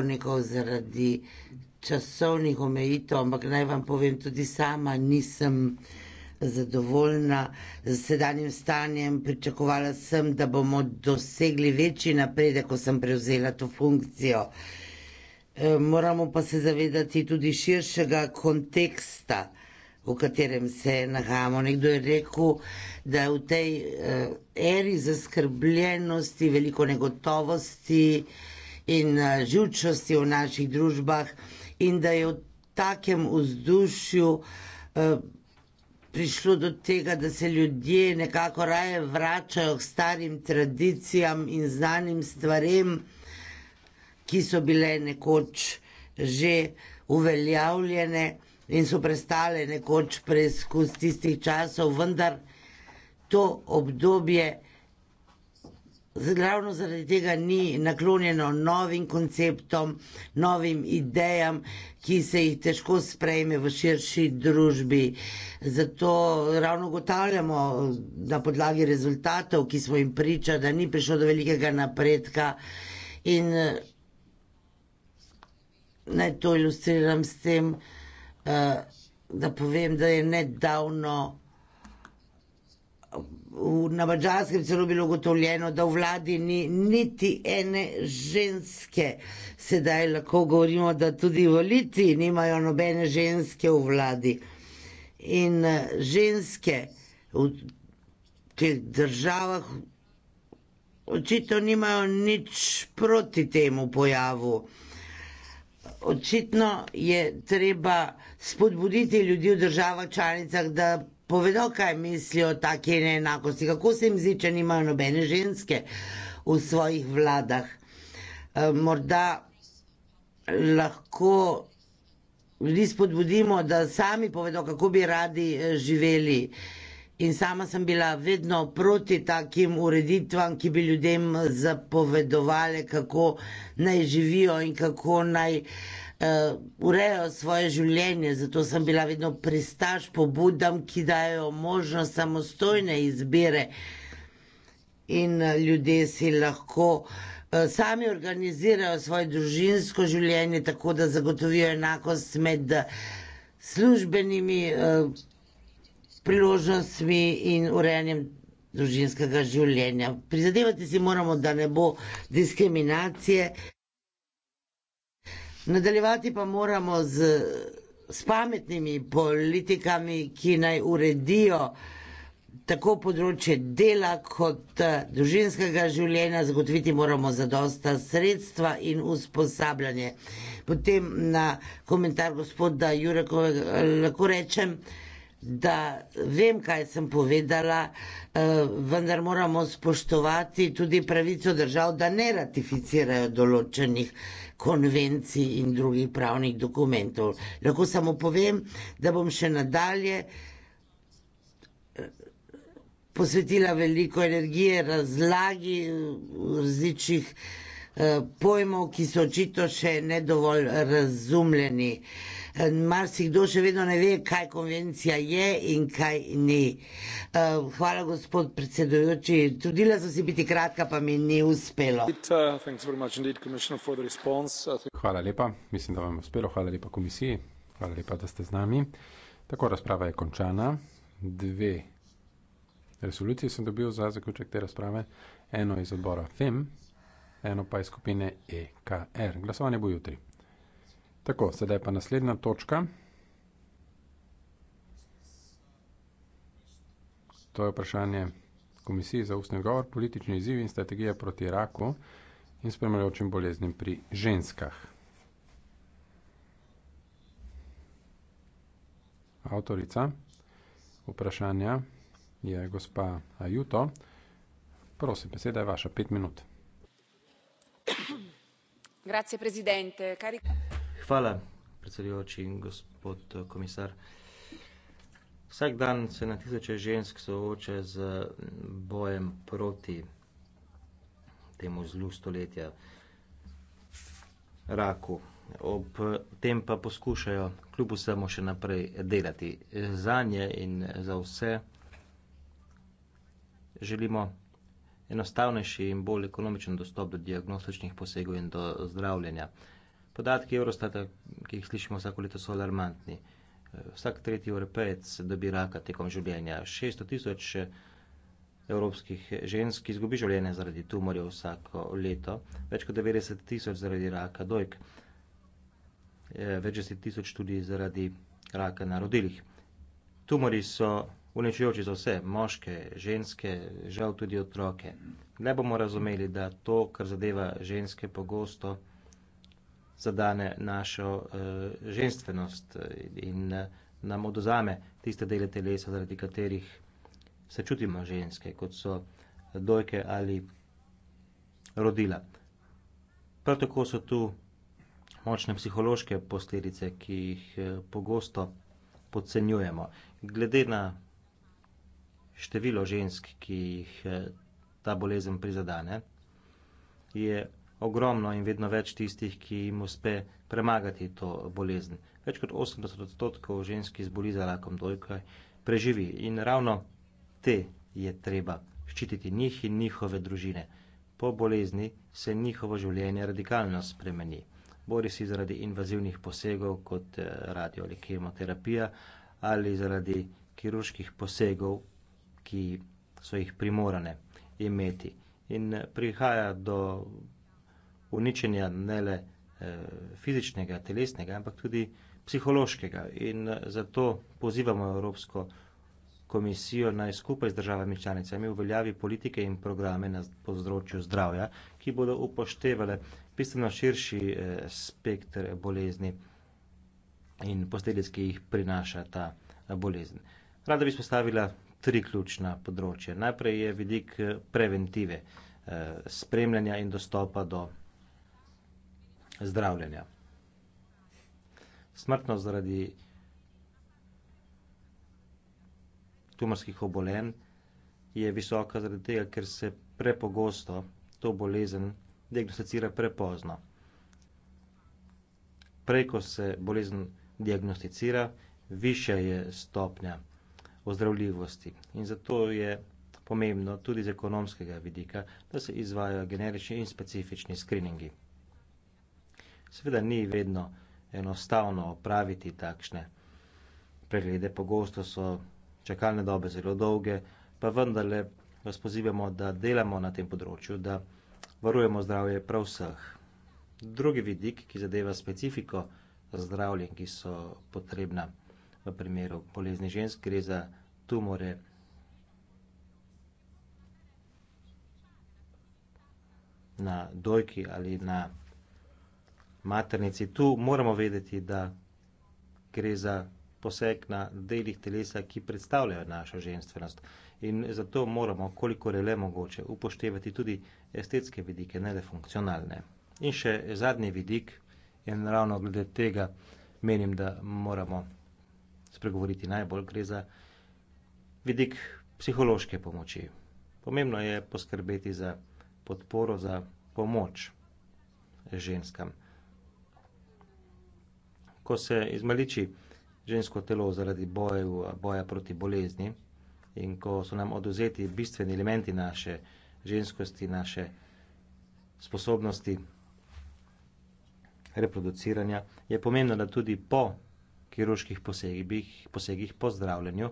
sogovornikov zaradi časovnih omejitev, ampak naj vam povem, tudi sama nisem zadovoljna z sedanjim stanjem. Pričakovala sem, da bomo dosegli večji napredek, ko sem prevzela to funkcijo. E, moramo pa se zavedati tudi širšega konteksta, v katerem se nahajamo. Nekdo je rekel, da je v tej e, eri zaskrbljenosti, veliko negotovosti, in eh, živčnosti v naših družbah in da je v takem vzdušju eh, prišlo do tega, da se ljudje nekako raje vračajo k starim tradicijam in znanim stvarem, ki so bile nekoč že uveljavljene in so prestale nekoč preizkus tistih časov, vendar to obdobje Ravno zaradi tega ni naklonjeno novim konceptom, novim idejam, ki se jih težko sprejme v širši družbi. Zato ravno ugotavljamo na podlagi rezultatov, ki smo jim priča, da ni prišlo do velikega napredka. In naj to ilustriram s tem, eh, da povem, da je nedavno v, na Mačarskem celo bilo ugotovljeno, da v vladi ni niti ene ženske. Sedaj lahko govorimo, da tudi v Litvi nimajo nobene ženske v vladi. In eh, ženske v teh državah očitno nimajo nič proti temu pojavu. Očitno je treba spodbuditi ljudi v državah članicah, da povedo, kaj mislijo o taki neenakosti, kako se jim zdi, če nimajo nobene ženske v svojih vladah. Eh, morda lahko ljudi spodbudimo, da sami povedo, kako bi radi eh, živeli. In sama sem bila vedno proti takim ureditvam, ki bi ljudem zapovedovali, kako naj živijo in kako naj uh, urejajo svoje življenje, zato sem bila vedno pristaž pobudam, ki dajo možnost samostojne izbire in uh, ljudje si lahko uh, sami organizirajo svoje družinsko življenje, tako da zagotovijo enakost med službenimi uh, priložnostmi in urejanjem družinskega življenja. Prizadevati si moramo, da ne bo diskriminacije. Nadaljevati pa moramo z, s pametnimi politikami, ki naj uredijo tako področje dela kot eh, družinskega življenja, zagotoviti moramo zadosta sredstva in usposabljanje. Potem na komentar gospoda Jurekovega eh, lahko rečem, da vem, kaj sem povedala, eh, vendar moramo spoštovati tudi pravico držav, da ne ratificirajo določenih konvencij in drugih pravnih dokumentov. Lahko samo povem, da bom še nadalje eh, posvetila veliko energije razlagi eh, različnih eh, pojmov, ki so očitno še ne dovolj razumljeni. Eh, marsikdo še vedno ne ve, kaj konvencija je in kaj ni. Eh, hvala, gospod predsedujoči. Trudila sem se biti kratka, pa mi ni uspelo. Uh, hvala lepa, mislim, da vam je uspelo. Hvala lepa komisiji, hvala lepa, da ste z nami. Tako razprava je končana. Dve resolucije sem dobil za zaključek te razprave. Eno iz odbora FEM, eno pa iz skupine EKR. Glasovanje bo jutri. Tako, sedaj pa naslednja točka. To je vprašanje Komisije za ustni govor, politični izziv in strategija proti raku in spremljajočim boleznim pri ženskah. Avtorica vprašanja je gospa Ajuto. Prosim, beseda je vaša, pet minut. Grazie, presidente. Cari hvala, predsedujoči in gospod eh, komisar. Vsak dan se na tisoče žensk sooča z bojem proti temu zlu stoletja, raku. Ob tem pa poskušajo kljub vsemu še naprej delati za nje in za vse. Želimo enostavnejši in bolj ekonomičen dostop do diagnostičnih posegov in do zdravljenja. Podatki Eurostata, ki jih slišimo vsako leto, so alarmantni. Vsak tretji evropejec dobi raka tekom življenja. 600 tisoč evropskih žensk izgubi življenje zaradi tumorjev vsako leto, več kot 90 tisoč zaradi raka dojk, več kot 10 tisoč tudi zaradi raka na rodilih. Tumori so uničujoči za vse, moške, ženske, žal tudi otroke. Ne bomo razumeli, da to, kar zadeva ženske, pogosto zadane našo uh, ženstvenost eh, in uh, nam oduzame tiste dele telesa, zaradi katerih se čutimo ženske, kot so dojke ali rodila. Prav tako so tu močne psihološke posledice, ki jih uh, pogosto podcenjujemo. Glede na število žensk, ki jih uh, ta bolezen prizadane, je ogromno in vedno več tistih, ki jim uspe premagati to bolezen. Več kot 80 odstotkov žensk, ki zboli za rakom dojka, preživi in ravno te je treba ščititi, njih in njihove družine. Po bolezni se njihovo življenje radikalno spremeni. Bori si zaradi invazivnih posegov, kot eh, radio ali kemoterapija, ali zaradi kirurških posegov, ki so jih primorane imeti. In eh, prihaja do uničenja ne le eh, fizičnega, telesnega, ampak tudi psihološkega. In eh, zato pozivamo Evropsko komisijo naj skupaj z državami članicami uveljavi politike in programe na področju zdravja, ki bodo upoštevale bistveno širši eh, spektr bolezni in posledic, ki jih prinaša ta bolezen. Rada bi spostavila tri ključna področja. Najprej je vidik preventive, spremljanja in dostopa do zdravljenja. Smrtnost zaradi tumorskih obolenj je visoka zaradi tega, ker se prepogosto to bolezen diagnosticira prepozno. Prej, ko se bolezen diagnosticira, višja je stopnja ozdravljivosti. In zato je pomembno tudi z ekonomskega vidika, da se izvajo generični in specifični skriningi. Seveda ni vedno enostavno opraviti takšne preglede, pogosto so čakalne dobe zelo dolge, pa vendarle vas pozivamo, da delamo na tem področju, da varujemo zdravje prav vseh. Drugi vidik, ki zadeva specifiko zdravljen, ki so potrebna v primeru bolezni žensk, gre za tumore. na dojki ali na maternici. Tu moramo vedeti, da gre za poseg na delih telesa, ki predstavljajo našo ženstvenost. In zato moramo, koliko je le mogoče, upoštevati tudi estetske vidike, ne le funkcionalne. In še zadnji vidik, in ravno glede tega menim, da moramo spregovoriti najbolj, gre za vidik psihološke pomoči. Pomembno je poskrbeti za podporo, za pomoč ženskam ko se izmaliči žensko telo zaradi bojev, boja proti bolezni in ko so nam oduzeti bistveni elementi naše ženskosti, naše sposobnosti reproduciranja, je pomembno, da tudi po kirurških posegih, posegih po zdravljenju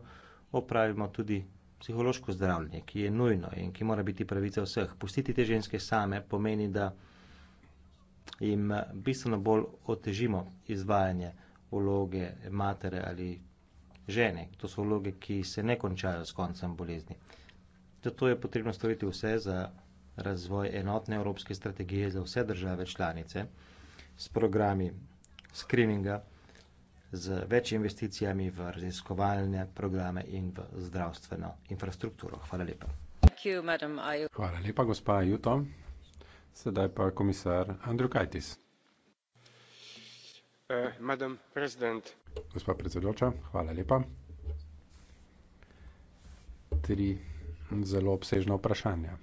opravimo tudi psihološko zdravljenje, ki je nujno in ki mora biti pravica vseh. Pustiti te ženske same pomeni, da jim bistveno bolj otežimo izvajanje vloge matere ali žene. To so vloge, ki se ne končajo s koncem bolezni. Zato je potrebno storiti vse za razvoj enotne evropske strategije za vse države članice s programi screeninga, z več investicijami v raziskovalne programe in v zdravstveno infrastrukturo. Hvala lepa. Hvala lepa, gospa Juto. Sedaj pa komisar Andrukaitis. Eh, Gospa predsedoča, hvala lepa. Tri zelo obsežna vprašanja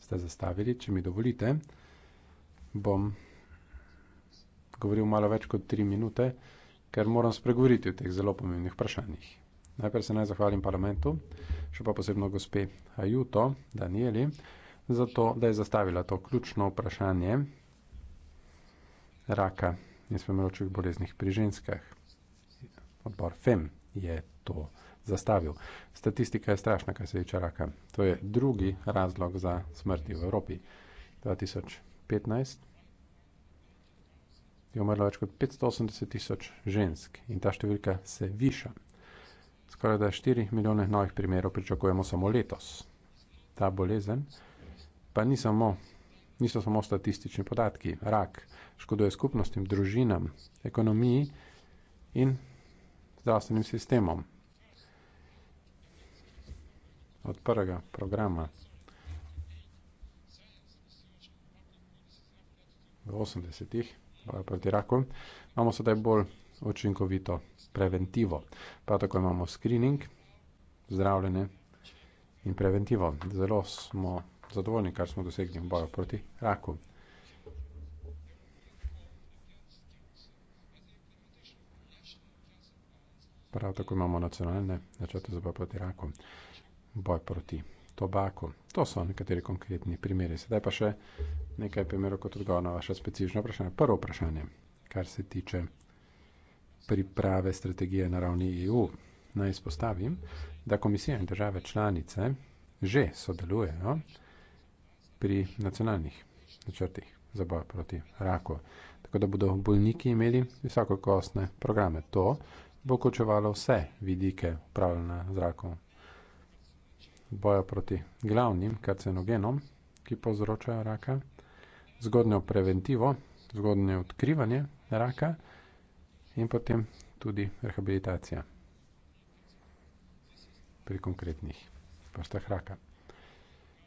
ste zastavili. Če mi dovolite, bom govoril malo več kot tri minute, ker moram spregovoriti o teh zelo pomembnih vprašanjih. Najprej se naj zahvalim parlamentu, še pa posebno gospe Ajuto, Danieli za to, da je zastavila to ključno vprašanje raka in spremljajočih boleznih pri ženskah. Odbor FEM je to zastavil. Statistika je strašna, kar se veče raka. To je drugi razlog za smrti v Evropi. 2015 je umrlo več kot 580 tisoč žensk in ta številka se viša. Skoraj da 4 milijone novih primerov pričakujemo samo letos. Ta bolezen pa ni samo, niso samo statistični podatki. Rak škoduje skupnostim, družinam, ekonomiji in zdravstvenim sistemom. Od prvega programa v 80-ih proti raku imamo sedaj bolj učinkovito preventivo. Pa tako imamo screening, zdravljene in preventivo. Zelo smo zadovoljni, kar smo dosegli v boju proti raku. Prav tako imamo nacionalne načrte za boj proti raku, boj proti tobaku. To so nekateri konkretni primeri. Sedaj pa še nekaj primerov kot odgovor na vaše specifično vprašanje. Prvo vprašanje, kar se tiče priprave strategije na ravni EU. Naj izpostavim, da komisija in države članice že sodelujejo no? pri nacionalnih načrtih za boj proti raku. Tako da bodo bolniki imeli visokokostne programe. To bo vključevalo vse vidike upravljanja z rakom. Boja proti glavnim karcinogenom, ki povzročajo raka, zgodnjo preventivo, zgodnje odkrivanje raka in potem tudi rehabilitacija pri konkretnih vrstah raka.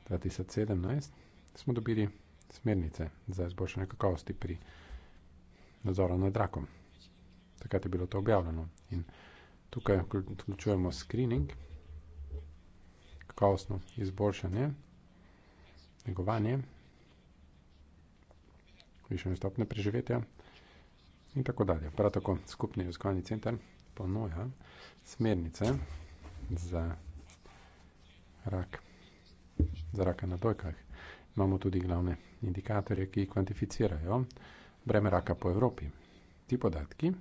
2017 smo dobili smernice za izboljšanje kakovosti pri nadzoru nad rakom. Takrat je bilo to objavljeno. In tukaj vključujemo screening, kakovostno izboljšanje, negovanje, višanje stopne preživetja in tako dalje. Prav tako skupni raziskovalni center ponuja smernice za rak, za raka na dojkah imamo tudi glavne indikatorje, ki kvantificirajo breme raka po Evropi. Ti podatki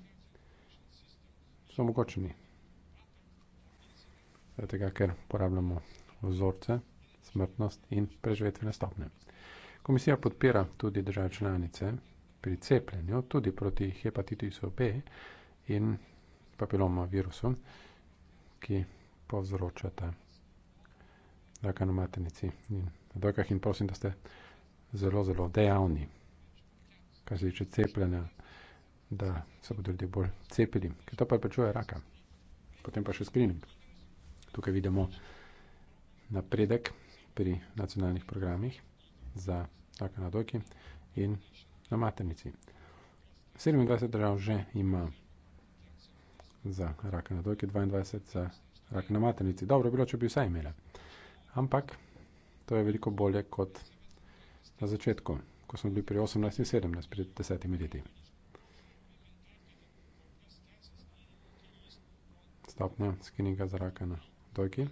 so omogočeni. Zato, ker uporabljamo vzorce, smrtnost in preživetvene stopne. Komisija podpira tudi države članice pri cepljenju, tudi proti hepatitisu B in papiloma virusu, ki povzročata raka na maternici in vrkah in prosim, da ste zelo, zelo dejavni, kar se tiče cepljenja, da se bodo ljudje bolj cepili, ker to pa prečuje raka. Potem pa še screening. Tukaj vidimo napredek pri nacionalnih programih za raka na dojki in na maternici. 27 držav že ima za raka na dojki, 22 za raka na maternici. Dobro, bilo, če bi vse imeli. Ampak To je veliko bolje kot na začetku, ko smo bili pri 18 in 17, pri 10 leti. Stopna skininga za raka na dojki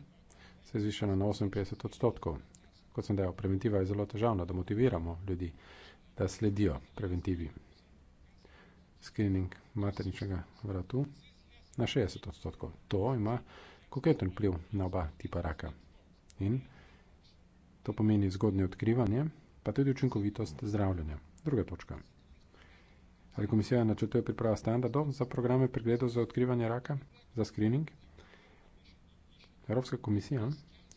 se je zvišala na 58 odstotkov. Kot sem dejal, preventiva je zelo težavna, da motiviramo ljudi, da sledijo preventivi. Skrining materničnega vratu na 60 odstotkov. To ima konkreten vpliv na oba tipa raka. In To pomeni zgodnje odkrivanje, pa tudi učinkovitost zdravljenja. Druga točka. Ali komisija načrtuje priprava standardov za programe pregledov za odkrivanje raka, za screening? Evropska komisija je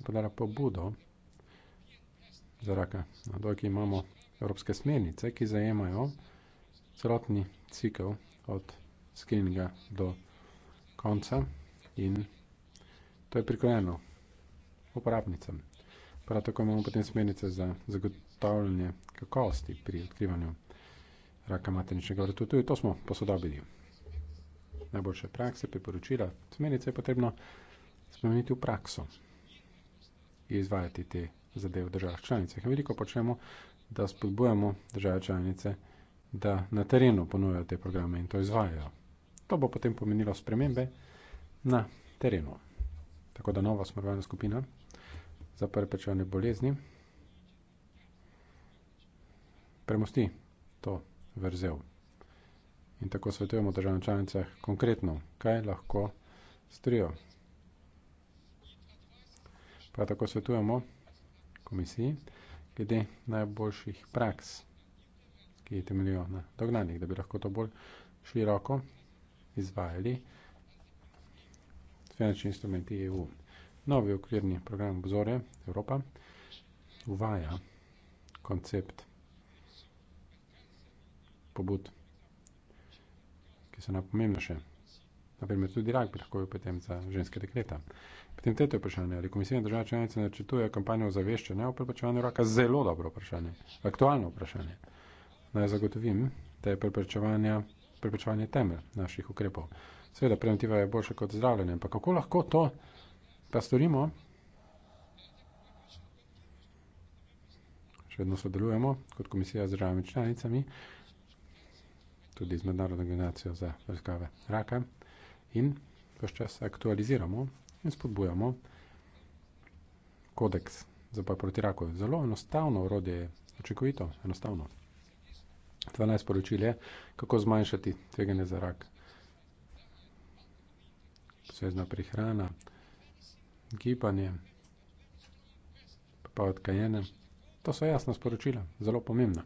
podala pobudo za raka. Na dojki imamo evropske smernice, ki zajemajo celotni cikl od screeninga do konca in to je prikojeno uporabnicam. Prav tako imamo potem smernice za zagotavljanje kakovosti pri odkrivanju raka materničnega vrtu. Tudi to smo posodobili. Najboljše prakse, priporočila, smernice je potrebno spremeniti v prakso in izvajati te zadeve v državah članicah. In veliko počnemo, da spodbujamo države članice, da na terenu ponujajo te programe in to izvajajo. To bo potem pomenilo spremembe na terenu. Tako da nova smrvalna skupina za preprečevanje bolezni, premosti to vrzel. In tako svetujemo državam članicah konkretno, kaj lahko strijo. Prav tako svetujemo komisiji glede najboljših praks, ki je temeljijo na dognanjih, da bi lahko to bolj široko izvajali finančni instrumenti EU. Novi okvirni program obzorja Evropa uvaja koncept pobud, ki so najpomembnejše. Naprimer, tudi Irak bi lahko bil potem za ženske dekreta. Potem tretje vprašanje, ali komisija država članica načrtuje kampanjo zaveščanja o preprečevanju raka, zelo dobro vprašanje, aktualno vprašanje. Naj zagotovim, da je preprečevanje, preprečevanje temelj naših ukrepov. Seveda, preventiva je boljša kot zdravljenje, ampak kako lahko to Kaj storimo? Še vedno sodelujemo kot komisija z državami članicami, tudi z mednarodno organizacijo za raziskave raka in vse čas aktualiziramo in spodbujamo kodeks za boj proti raku. Zelo enostavno orodje je, očekovito, enostavno. 12 poročil je, kako zmanjšati tveganje za rak. Svezna prihrana, gibanje, pa odkajene. To so jasna sporočila, zelo pomembna.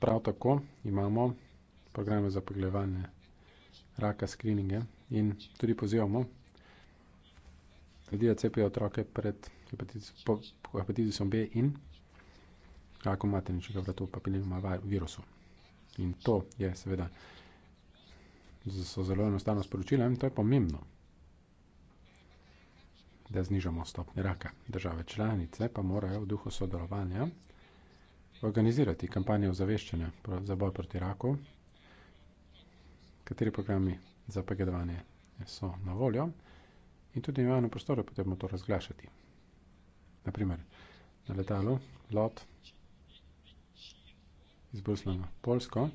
Prav tako imamo programe za pogledovanje raka, screeninge in tudi pozivamo ljudi, da cepijo otroke pred hepatitisom B in rakom materničnega vratu, papilinoma virusu. In to je seveda so zelo enostavno sporočila in to je pomembno da znižamo stopnje raka. Države članice pa morajo v duhu sodelovanja organizirati kampanje ozaveščanja za boj proti raku, kateri programi za pregledovanje so na voljo in tudi v javnem prostoru je potrebno to razglašati. Naprimer, na letalu LOT iz Brusla na Polsko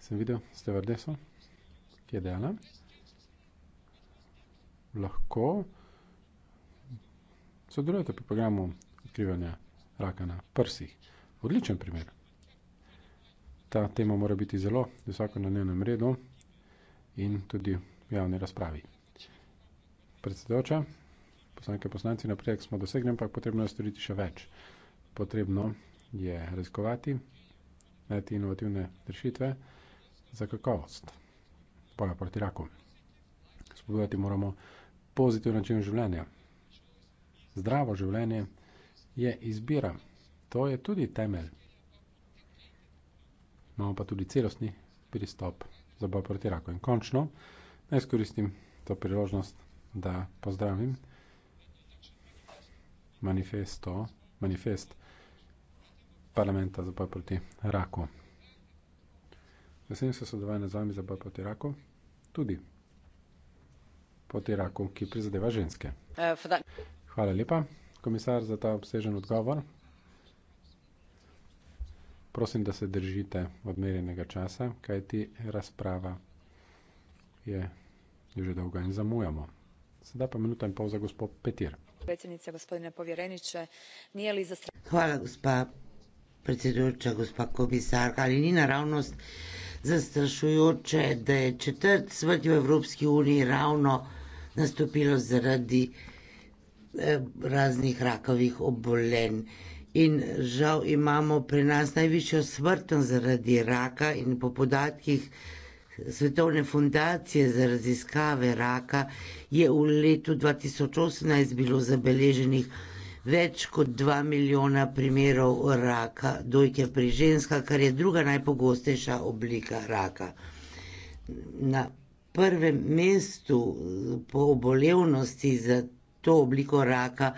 sem videl Stevardeso, ki je delala. Lahko sodelujete pri programu odkrivanja raka na prsih. Odličen primer. Ta tema mora biti zelo visoko na dnevnem redu in tudi v javni razpravi. Predsedujoča, poslanke poslanci, napredek smo dosegli, ampak potrebno je storiti še več. Potrebno je raziskovati, najti inovativne rešitve za kakovost boja proti raku. Spodbujati moramo pozitiven način življenja, Zdravo življenje je izbira. To je tudi temelj. Imamo pa tudi celostni pristop za boj proti raku. In končno, naj izkoristim to priložnost, da pozdravim manifesto, manifest parlamenta za boj proti raku. Veselim se sodelovanja z vami za boj proti raku, tudi proti raku, ki prizadeva ženske. Uh, Hvala lepa, komisar, za ta obsežen odgovor. Prosim, da se držite odmerjenega časa, kaj ti razprava je, je že dolga in zamujamo. Sedaj pa minuta in pol za gospod Petir. Predsednice, gospodine povjereniče, nije li za... Hvala, gospa predsedujoča, gospa komisar, ali ni naravnost zastrašujoče, da je četrt smrti v Evropski uniji ravno nastopilo zaradi Eh, raznih rakovih obolenj. In žal imamo pri nas največjo smrtnost zaradi raka in po podatkih Svetovne fundacije za raziskave raka je v letu 2018 bilo zabeleženih več kot 2 milijona primerov raka dojke pri ženskah, kar je druga najpogostejša oblika raka. Na prvem mestu po obolevnosti za to obliko raka,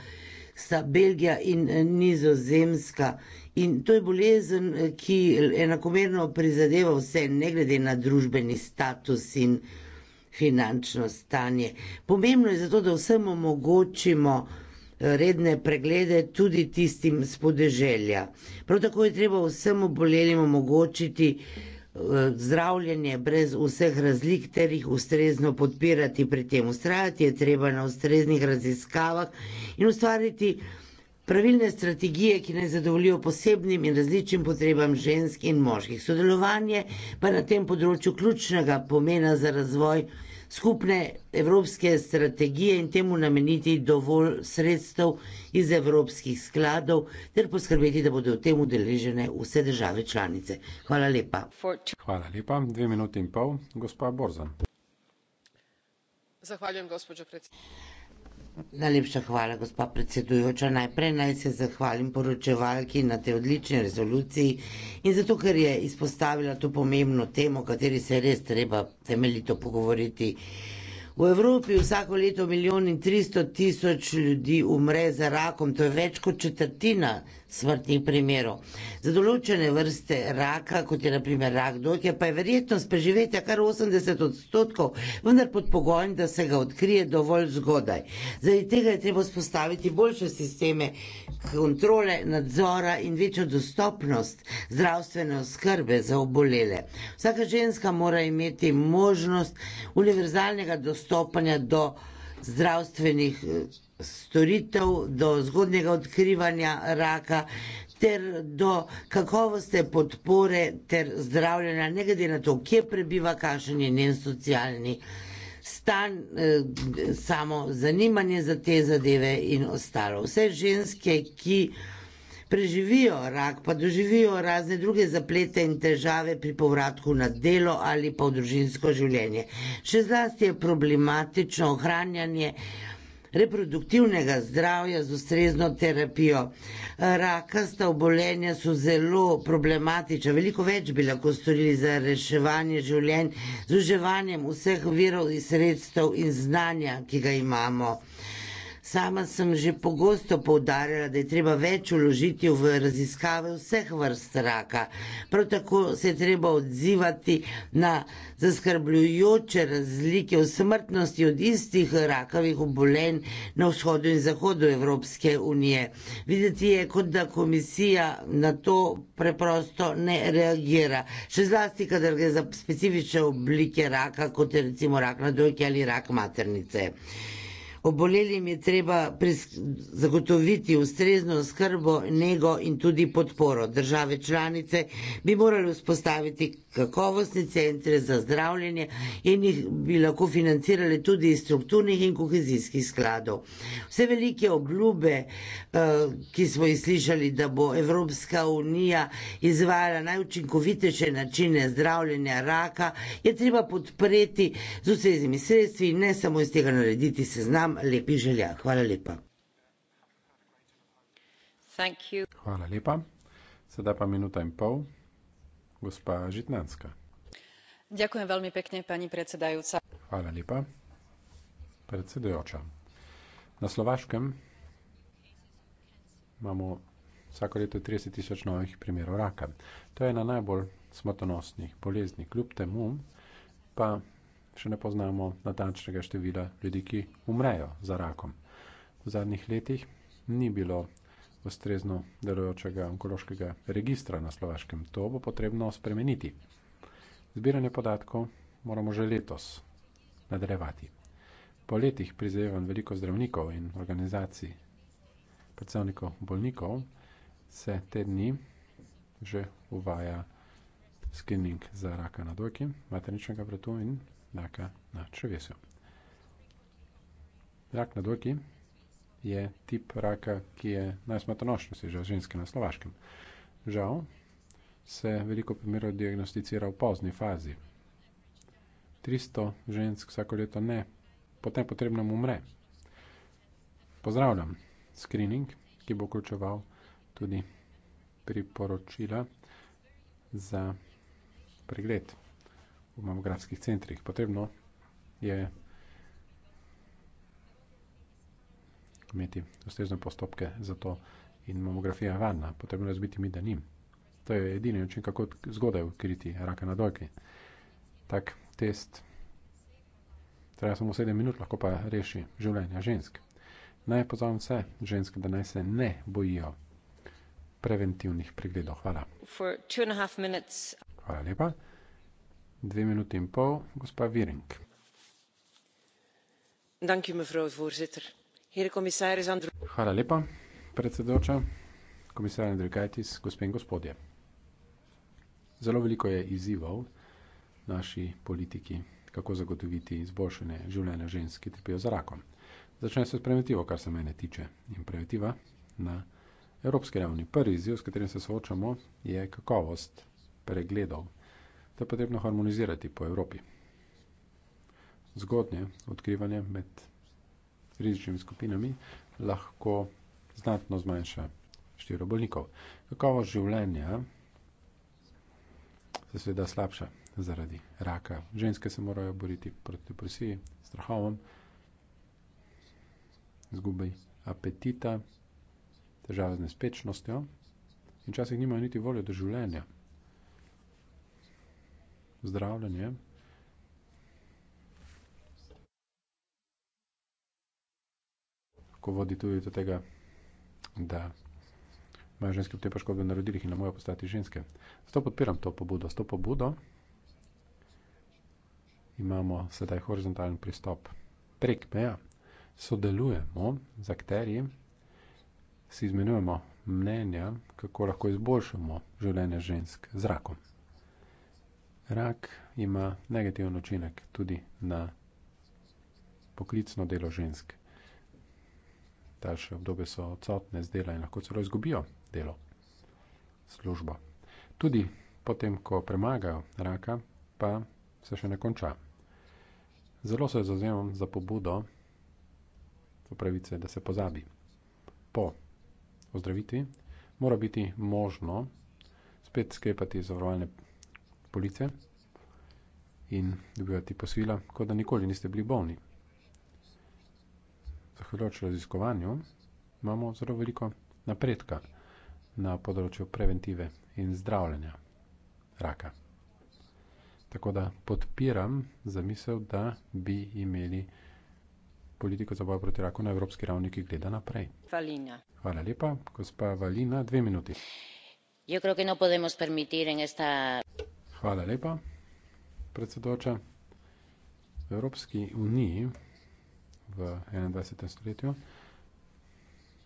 sta Belgija in eh, Nizozemska. In to je bolezen, eh, ki enakomerno prizadeva vse, ne glede na družbeni status in finančno stanje. Pomembno je zato, da vsem omogočimo eh, redne preglede tudi tistim spodeželja. Prav tako je treba vsem obolelim omogočiti, zdravljenje brez vseh razlik ter jih ustrezno podpirati. Pri tem ustrajati je treba na ustreznih raziskavah in ustvariti pravilne strategije, ki ne zadovoljijo posebnim in različnim potrebam žensk in moških. Sodelovanje pa je na tem področju ključnega pomena za razvoj skupne evropske strategije in temu nameniti dovolj sredstev iz evropskih skladov ter poskrbeti, da bodo v tem udeležene vse države članice. Hvala lepa. Hvala lepa. Dve minuti in pol. Gospa Borzan. Zahvaljujem, gospođo predsednica. Najlepša hvala, gospa predsedujoča. Najprej naj se zahvalim poročevalki na te odlične rezoluciji in zato, ker je izpostavila to pomembno temo, o kateri se je res treba temeljito pogovoriti. V Evropi vsako leto milijon in tristo tisoč ljudi umre za rakom, to je več kot četrtina smrtnih primerov. Za določene vrste raka, kot je naprimer rak dojke, pa je verjetnost preživetja kar 80 odstotkov, vendar pod pogojem, da se ga odkrije dovolj zgodaj. Zaradi tega je treba spostaviti boljše sisteme kontrole, nadzora in večjo dostopnost zdravstvene oskrbe za obolele. Vsaka ženska mora imeti možnost univerzalnega dostopnosti dostopanja do zdravstvenih eh, storitev, do zgodnjega odkrivanja raka ter do kakovoste podpore ter zdravljenja, ne glede na to, kje prebiva, kakšen je njen socialni stan, eh, samo zanimanje za te zadeve in ostalo. Vse ženske, ki preživijo rak, pa doživijo razne druge zaplete in težave pri povratku na delo ali pa v družinsko življenje. Še zlasti je problematično ohranjanje reproduktivnega zdravja z ustrezno terapijo. Rakasta obolenja so zelo problematična, veliko več bi lahko storili za reševanje življenj z uživanjem vseh virov in sredstev in znanja, ki ga imamo. Sama sem že pogosto povdarjala, da je treba več uložiti v raziskave vseh vrst raka. Prav tako se je treba odzivati na zaskrbljujoče razlike v smrtnosti od istih rakavih obolenj na vzhodu in zahodu Evropske unije. Videti je, kot da komisija na to preprosto ne reagira. Še zlasti, kadar gre za specifične oblike raka, kot je recimo rak na dojke ali rak maternice. Obolelim je treba zagotoviti ustrezno skrbo, nego in tudi podporo. Države članice bi morali vzpostaviti kakovostne centre za zdravljenje in jih bi lahko financirali tudi iz strukturnih in kohezijskih skladov. Vse velike obljube, eh, ki smo jih slišali, da bo Evropska unija izvajala najučinkovitejše načine zdravljenja raka, je treba podpreti z ustreznimi sredstvi in ne samo iz tega narediti seznam vam lepi želja. Hvala lepa. Hvala lepa. Sedaj pa minuta in pol. Gospa Žitnanska. Ďakujem veľmi pekne, pani predsedajúca. Hvala lepa. Predsedujoča. Na Slovaškem imamo vsako leto 30 tisoč novih primerov raka. To je ena najbolj smrtonosnih bolezni. Kljub temu pa še ne poznamo natančnega števila ljudi, ki umrejo za rakom. V zadnjih letih ni bilo ustrezno delojočega onkološkega registra na slovaškem. To bo potrebno spremeniti. Zbiranje podatkov moramo že letos nadrevati. Po letih prizadevanj veliko zdravnikov in organizacij, predstavnikov bolnikov, se te dni že uvaja skrining za raka na dojki, materničnega vratu in Draka na črvesju. Rak na dojki je tip raka, ki je najsmrtonošnji, si že ženske na slovaškem. Žal se veliko primerov diagnosticira v pozni fazi. 300 žensk vsako leto ne, potem potrebno umre. Pozdravljam screening, ki bo vključeval tudi priporočila za pregled v mamografskih centrih. Potrebno je imeti ustrezne postopke za to in mamografija je varna. Potrebno je zbiti mi, da nim. To je edini način, kako zgodaj ukriti raka na dojki. Tak test traja samo 7 minut, lahko pa reši življenja žensk. Naj pozovem vse ženske, da naj se ne bojijo preventivnih pregledov. Hvala. Hvala lepa. Dve minuten in pol, gospa Wiering. Dank u mevrouw de voorzitter. Heer de commissaris Andrew. Hala lepa, predsedoča. Komisar Andrew Gaitis, gospe in gospodje. Zelo veliko je izzival naši politiki, kako zagotoviti izboljšanje življenja žensk, ki trpijo za rakom. Začne se s preventivo, kar se mene tiče, in preventiva na evropski ravni. Prvi izziv, s katerim se soočamo, je kakovost pregledov da je potrebno harmonizirati po Evropi. Zgodnje odkrivanje med rizičnimi skupinami lahko znatno zmanjša število bolnikov. Kakovo življenja se seveda slabša zaradi raka. Ženske se morajo boriti proti depresiji, strahovom, zgubi apetita, težave z nespečnostjo in včasih nimajo niti voljo do življenja zdravljenje. Ko vodi tudi do tega, da imajo ženske v te poškodbe na rodilih in ne morejo postati ženske. Zato podpiram to pobudo. S to pobudo imamo sedaj horizontalen pristop prek meja, sodelujemo z akterji, si izmenujemo mnenja, kako lahko izboljšamo življenje žensk z rakom rak ima negativen učinek tudi na poklicno delo žensk. Daljše obdobje so odsotne z dela in lahko celo izgubijo delo, službo. Tudi potem, ko premagajo raka, pa se še ne konča. Zelo se zazemam za pobudo v pravice, da se pozabi. Po ozdravitvi mora biti možno spet sklepati zavarovalne pravice police in dobivati posvila, kot da nikoli niste bili bolni. Zahvaljujoč raziskovanju imamo zelo veliko napredka na področju preventive in zdravljenja raka. Tako da podpiram zamisel, da bi imeli politiko za boj proti raku na evropski ravni, ki gleda naprej. Valina. Hvala lepa, gospa Valina, dve minuti. Jo creo que no podemos permitir en esta... Hvala lepa, predsedoča. V Evropski uniji v 21. stoletju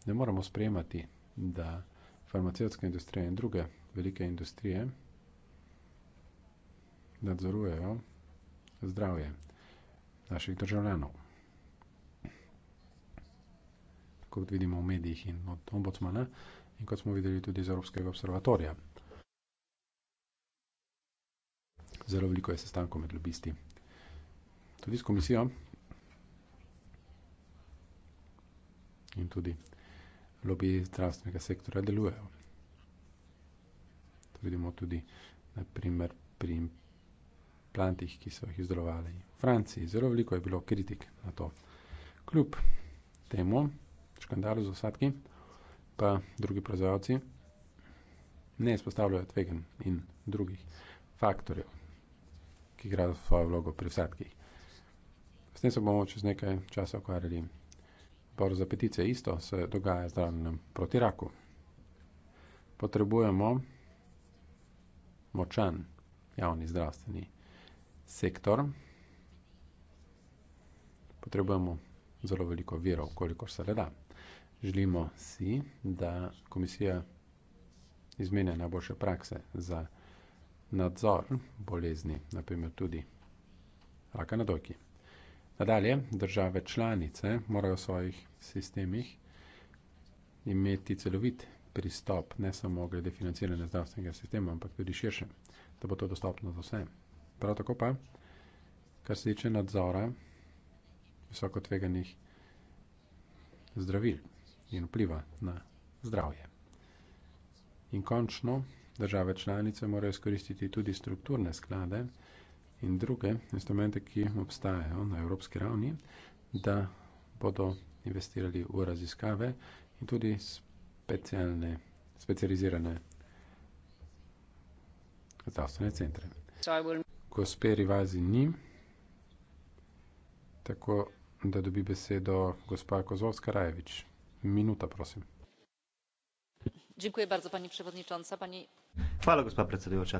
ne moramo sprejemati, da farmacevtska industrija in druge velike industrije nadzorujejo zdravje naših državljanov. Kot vidimo v medijih in od ombudsmana in kot smo videli tudi iz Evropskega observatorija. zelo veliko je sestankov med lobisti, tudi s komisijo in tudi lobiji zdravstvenega sektora delujejo. To vidimo tudi naprimer pri implantih, ki so jih izdelovali v Franciji. Zelo veliko je bilo kritik na to. Kljub temu, škandalu z osadki, pa drugi proizvajalci ne izpostavljajo tveganj in drugih faktorjev ki igra svojo vlogo pri vsadkih. S tem se bomo čez nekaj časa ukvarjali. Bor za peticije isto se dogaja zdravljenem proti raku. Potrebujemo močan javni zdravstveni sektor. Potrebujemo zelo veliko virov, kolikor se le da. Želimo si, da komisija izmenja najboljše prakse za nadzor bolezni, naprimer tudi raka na dojki. Nadalje, države članice morajo v svojih sistemih imeti celovit pristop, ne samo glede financiranja zdravstvenega sistema, ampak tudi širše, da bo to dostopno za vse. Prav tako pa, kar se tiče nadzora visokotveganih zdravil in vpliva na zdravje. In končno, Države članice morajo izkoristiti tudi strukturne sklade in druge instrumente, ki obstajajo na evropski ravni, da bodo investirali v raziskave in tudi specialne, specializirane zdravstvene centre. Gospe Rivazi ni, tako da dobi besedo gospa Kozovska Rajevič. Minuta, prosim. Dziękuję bardzo, pani przewodnicząca. Pani Hvala, gospod predsedujoča.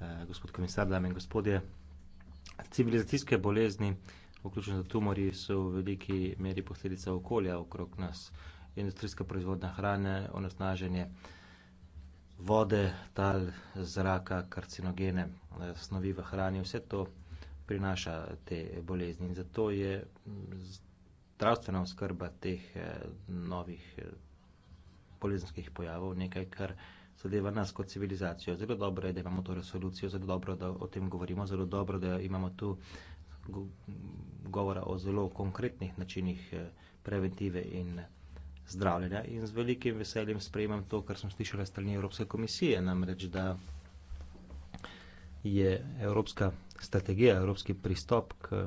Eh, gospod komisar, dame in gospodje. Civilizacijske bolezni, vključno z tumori, so v veliki meri posledica okolja okrog nas. Industrijska proizvodna hrane, onosnaženje vode, tal, zraka, karcinogene, eh, snovi v hrani, vse to prinaša te bolezni. In zato je mm, zdravstvena oskrba teh eh, novih bolezenskih pojavov nekaj, kar zadeva nas kot civilizacijo. Zelo dobro je, da imamo to resolucijo, zelo dobro, da o tem govorimo, zelo dobro, da imamo tu govora o zelo konkretnih načinih eh, preventive in eh, zdravljenja. In z velikim veseljem sprejemam to, kar sem slišala strani Evropske komisije, namreč, da je evropska strategija, evropski pristop k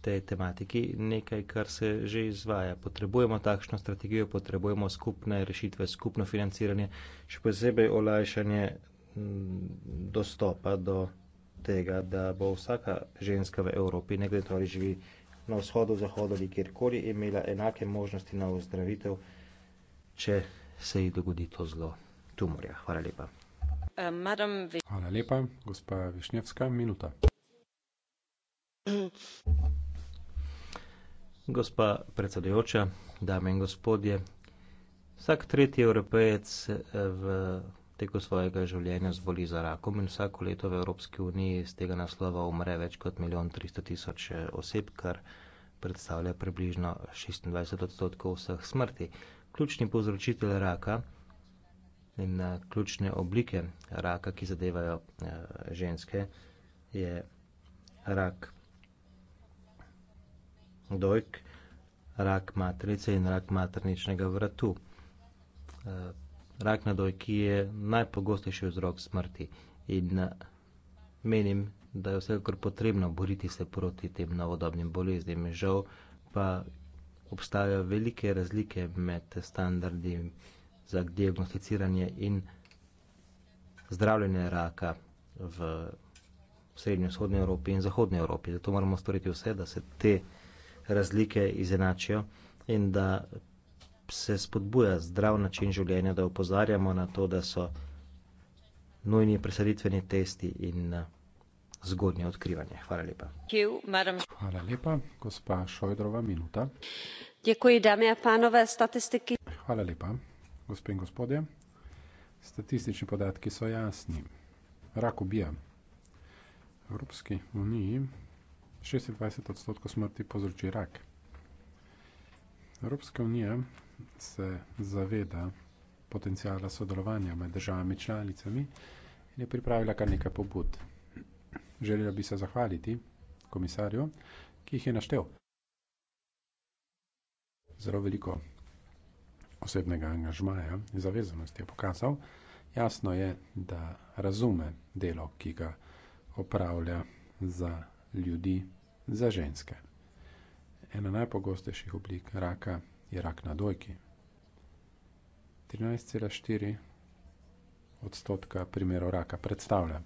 te tematiki nekaj, kar se že izvaja. Potrebujemo takšno strategijo, potrebujemo skupne rešitve, skupno financiranje, še posebej olajšanje mm, dostopa do tega, da bo vsaka ženska v Evropi, ne glede to ali živi na vzhodu, zahodu ali kjerkoli, imela enake možnosti na ozdravitev, če se ji dogodi to zlo tumorja. Hvala lepa. Eh, Hvala lepa, gospa Višnjevska, minuta. Gospa predsedujoča, dame in gospodje, vsak tretji evropejec eh, v teku svojega življenja zvoli za rakom in vsako leto v Evropski uniji iz tega naslova umre več kot milijon 300 tisoč eh, oseb, kar predstavlja približno 26 odstotkov vseh smrti. Ključni povzročitelj raka in eh, ključne oblike raka, ki zadevajo ženske, je rak dojk, rak matrice in rak materničnega vratu. Eh, rak na dojki je najpogostejši vzrok smrti in eh, menim, da je vsekakor potrebno boriti se proti tem novodobnim boleznim. Žal pa obstajajo velike razlike med standardi za diagnosticiranje in zdravljenje raka v srednjo-shodnji Evropi in zahodnji Evropi. Zato moramo storiti vse, da se te uh, razlike izenačijo in da se spodbuja zdrav način življenja, da opozarjamo na to, da so nujni presaditveni testi in eh, zgodnje odkrivanje. Hvala lepa. Hvala lepa. Gospa Šojdrova, minuta. Děkuji, dame a panove, statistiki. Hvala lepa, gospe in gospodje. Statistični podatki so jasni. Rak ubija. Evropski uniji 26 odstotkov smrti povzroči rak. Evropska unija se zaveda potencijala sodelovanja med državami članicami in je pripravila kar nekaj pobud. Želela bi se zahvaliti komisarju, ki jih je naštel. Zelo veliko osebnega angažmaja in zavezanosti je pokazal. Jasno je, da razume delo, ki ga opravlja za ljudi za ženske. Ena najpogostejših oblik raka je rak na dojki. 13,4 odstotka primerov raka predstavlja.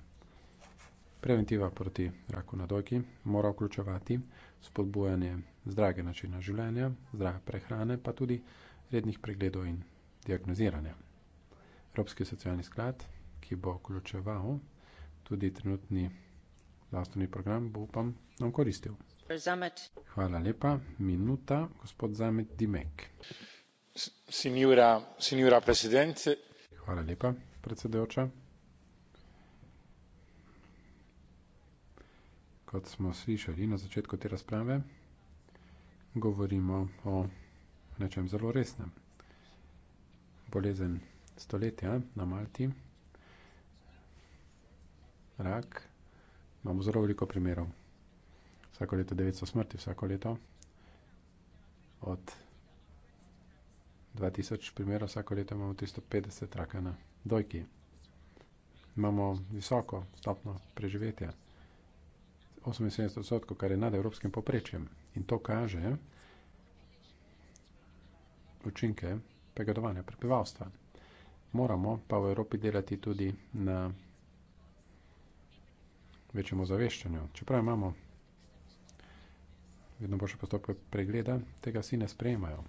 Preventiva proti raku na dojki mora vključevati spodbujanje zdrage načina življenja, zdrave prehrane, pa tudi rednih pregledov in diagnoziranja. Evropski socialni sklad, ki bo vključeval tudi trenutni zastavni program bo upam nam koristil. Zamet. Hvala lepa. Minuta, gospod Zamet Dimek. Signora, signora predsednice. Hvala lepa, predsedujoča. Kot smo slišali na začetku te razprave, govorimo o nečem zelo resnem. Bolezen stoletja na Malti, rak, imamo zelo veliko primerov. Vsako leto 900 smrti, vsako leto. Od 2000 primerov vsako leto imamo 350 raka na dojki. Imamo visoko stopno preživetje. 78 odstotkov, kar je nad evropskim poprečjem. In to kaže učinke pregadovanja prebivalstva. Moramo pa v Evropi delati tudi na večjem ozaveščanju. Čeprav imamo vedno boljše postopke pregleda, tega vsi ne sprejemajo.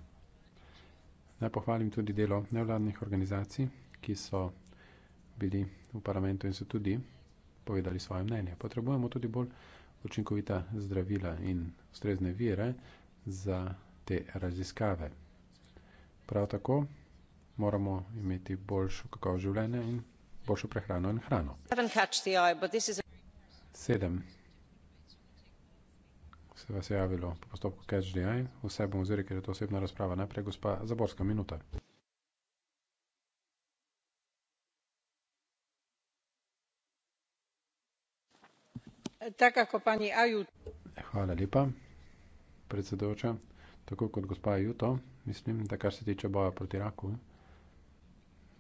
Naj pohvalim tudi delo nevladnih organizacij, ki so bili v parlamentu in so tudi povedali svoje mnenje. Potrebujemo tudi bolj učinkovita zdravila in ustrezne vire za te raziskave. Prav tako moramo imeti boljšo kakovost življenja in boljšo prehrano in hrano. 7. Se vas je javilo po postopku CatchDI. Vse bomo vzeli, ker je to osebna razprava. Najprej gospa Zaborska, minuta. Tako kot pani Ajut. Hvala lepa, predsedujoča. Tako kot gospa Ajuto, mislim, da kar se tiče boja proti raku,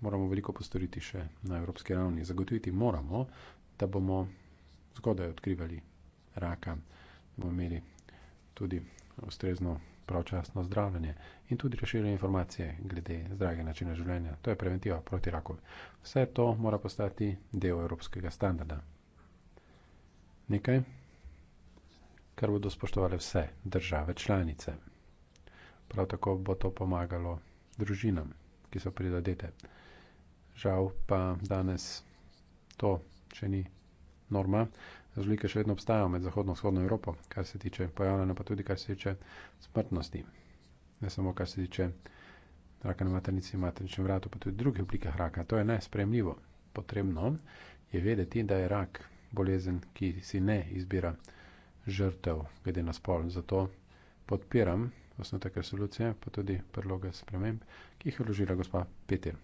moramo veliko postoriti še na evropski ravni. Zagotoviti moramo, da bomo zgodaj odkrivali raka, da bomo imeli tudi ustrezno pravčasno zdravljenje in tudi rešili informacije glede zdravega načina življenja. To je preventiva proti rakovi. Vse to mora postati del evropskega standarda. Nekaj, kar bodo spoštovali vse države članice. Prav tako bo to pomagalo družinam, ki so prizadete. Žal pa danes to še ni norma. Razlike še vedno obstajajo med zahodno in vzhodno Evropo, kar se tiče pojavljanja, pa tudi kar se tiče smrtnosti. Ne samo kar se tiče raka na maternici, materničnem vratu, pa tudi drugih oblikah raka. To je nespremljivo. Potrebno je vedeti, da je rak bolezen, ki si ne izbira žrtev glede na spol. Zato podpiram osnotek resolucije, pa tudi predloge sprememb, ki jih je vložila gospa Peter.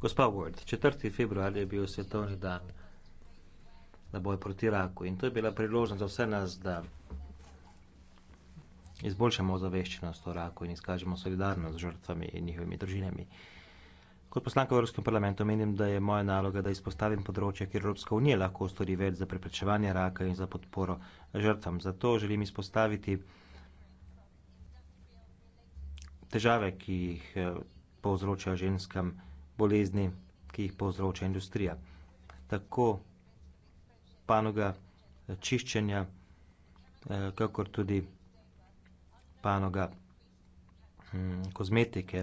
Gospa Ward, 4. februar je bil svetovni dan na boj proti raku in to je bila priložnost za vse nas, da izboljšamo ozaveščenost o raku in izkažemo solidarnost z žrtvami in njihovimi družinami. Kot poslanka v Evropskem parlamentu menim, da je moja naloga, da izpostavim področje, kjer Evropska unija lahko stori več za preprečevanje raka in za podporo žrtvam. Zato želim izpostaviti težave, ki jih eh, povzroča ženskam bolezni, ki jih povzroča industrija. Tako panoga eh, čiščenja, eh, kakor tudi panoga hm, kozmetike,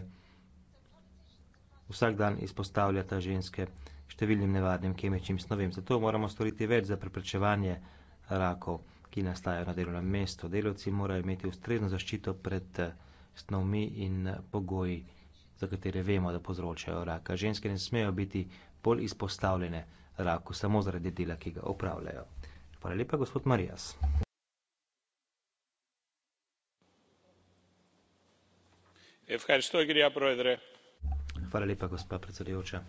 vsak dan izpostavlja ta ženske številnim nevarnim kemičnim snovem. Zato moramo storiti več za preprečevanje rakov, ki nastajajo na delovnem mestu. Delovci morajo imeti ustrezno zaščito pred eh, snovmi in pogoji za katere vemo, da povzročajo raka. Ženske ne smejo biti bolj izpostavljene raku samo zaradi dela, ki ga opravljajo. Hvala lepa, gospod Marijas. Hvala lepa, gospa predsedujoča.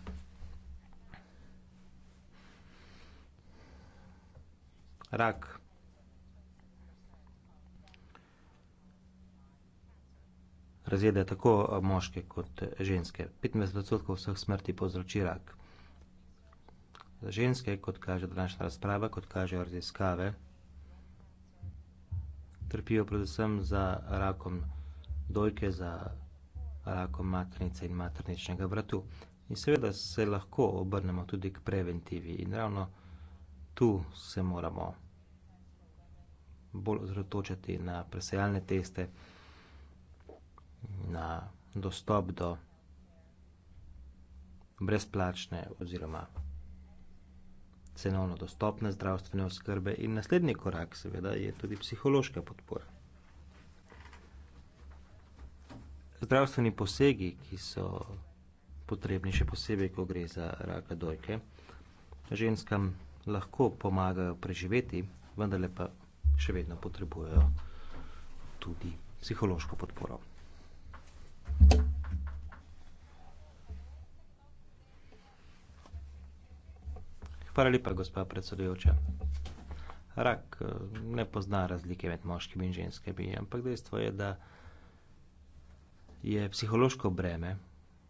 Rak razjede tako eh, moške kot eh, ženske. 15% vseh smrti povzroči rak. Za ženske, kot kaže današnja razprava, kot kažejo raziskave, trpijo predvsem za rakom dojke, za rakom maternice in materničnega vratu. In seveda se lahko obrnemo tudi k preventivi in ravno tu se moramo bolj ozrotočati na presejalne teste, na dostop do brezplačne oziroma cenovno dostopne zdravstvene oskrbe in naslednji korak seveda je tudi psihološka podpora. Zdravstveni posegi, ki so potrebni še posebej, ko gre za raka dojke, ženskam lahko pomagajo preživeti, vendarle pa še vedno potrebujejo tudi psihološko podporo. Hvala lepa, gospa predsedujoča. Rak eh, ne pozna razlike med moškimi in ženskami, ampak dejstvo je, da je psihološko breme,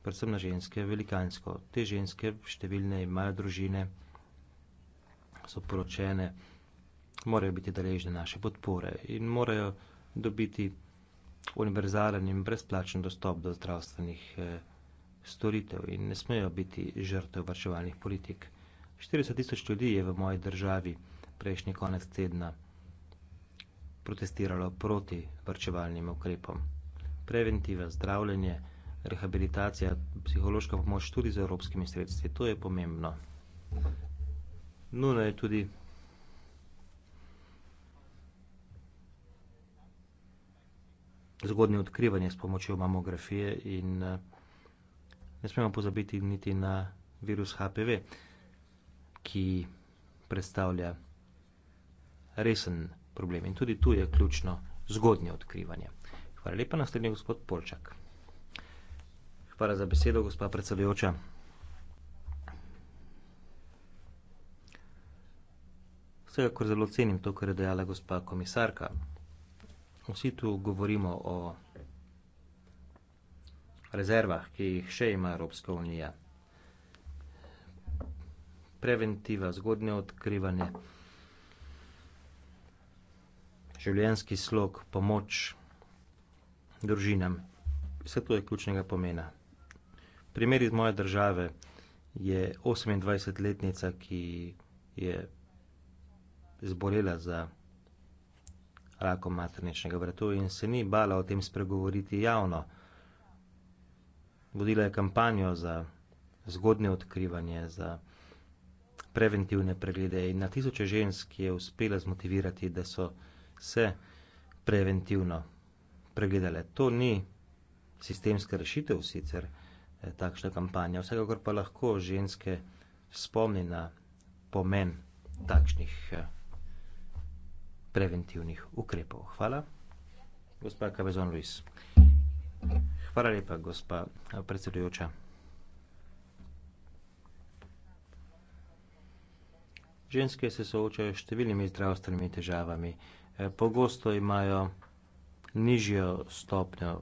predvsem na ženske, velikansko. Te ženske, številne imajo družine, so poročene, morajo biti deležne naše podpore in morajo dobiti univerzalen in brezplačen dostop do zdravstvenih eh, storitev in ne smejo biti žrtev vrčevalnih politik. 40 tisoč ljudi je v moji državi prejšnji konec tedna protestiralo proti vrčevalnim ukrepom. Preventiva, zdravljenje, rehabilitacija, psihološka pomoč tudi z evropskimi sredstvi, to je pomembno. Nuna je tudi zgodnje odkrivanje s pomočjo mamografije in eh, ne smemo pozabiti niti na virus HPV, ki predstavlja resen problem in tudi tu je ključno zgodnje odkrivanje. Hvala lepa, naslednji gospod Polčak. Hvala za besedo, gospa predsedujoča. Vsekakor zelo cenim to, kar je dejala gospa komisarka. Vsi tu govorimo o rezervah, ki jih še ima Evropska unija. Preventiva, zgodnje odkrivanje, življenjski slog, pomoč družinam. Vse to je ključnega pomena. Primer iz moje države je 28-letnica, ki je zbolela za rakom materničnega vratu in se ni bala o tem spregovoriti javno. Vodila je kampanjo za zgodne odkrivanje, za preventivne preglede in na tisoče žensk je uspela zmotivirati, da so se preventivno pregledale. To ni sistemska rešitev sicer, eh, takšna kampanja. Vsekakor pa lahko ženske spomni na pomen takšnih preglede. Eh, preventivnih ukrepov. Hvala. Gospa Cabezon Luis. Hvala lepa, gospa eh, predsedujoča. Ženske se soočajo s številnimi zdravstvenimi težavami. Eh, pogosto imajo nižjo stopnjo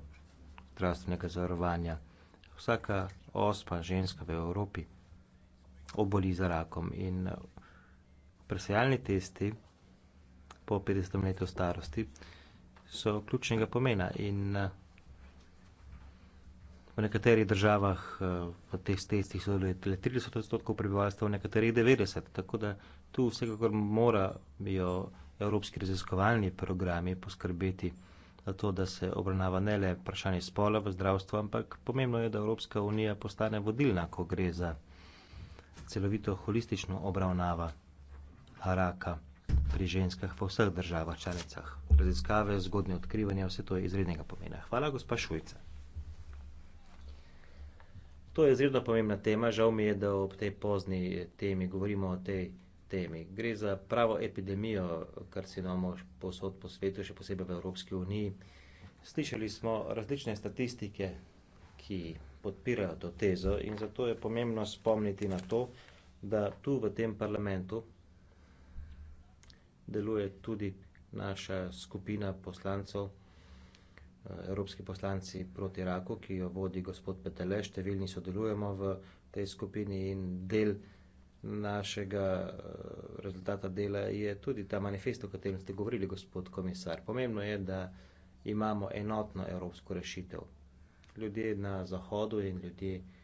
zdravstvenega zavarovanja. Vsaka osma ženska v Evropi oboli za rakom in eh, presajalni testi po 50 letu starosti, so ključnega pomena. In eh, v nekaterih državah eh, v teh testih sodeluje 30 odstotkov prebivalstva, v nekaterih 90. Tako da tu vsekakor morajo evropski raziskovalni programi poskrbeti za to, da se obravnava ne le vprašanje spola v zdravstvu, ampak pomembno je, da Evropska unija postane vodilna, ko gre za celovito holistično obravnava raka pri ženskah v vseh državah članicah. Raziskave, zgodne odkrivanja, vse to je izrednega pomena. Hvala, gospa Šujca. To je izredno pomembna tema. Žal mi je, da ob tej pozni temi govorimo o tej temi. Gre za pravo epidemijo, kar se imamo posod po svetu, še posebej v Evropski uniji. Slišali smo različne statistike, ki podpirajo to tezo in zato je pomembno spomniti na to, da tu v tem parlamentu deluje tudi naša skupina poslancev, eh, evropski poslanci proti raku, ki jo vodi gospod Petele. Številni sodelujemo v tej skupini in del našega eh, rezultata dela je tudi ta manifest, o katerem ste govorili, gospod komisar. Pomembno je, da imamo enotno evropsko rešitev. Ljudje na zahodu in ljudje na zahodu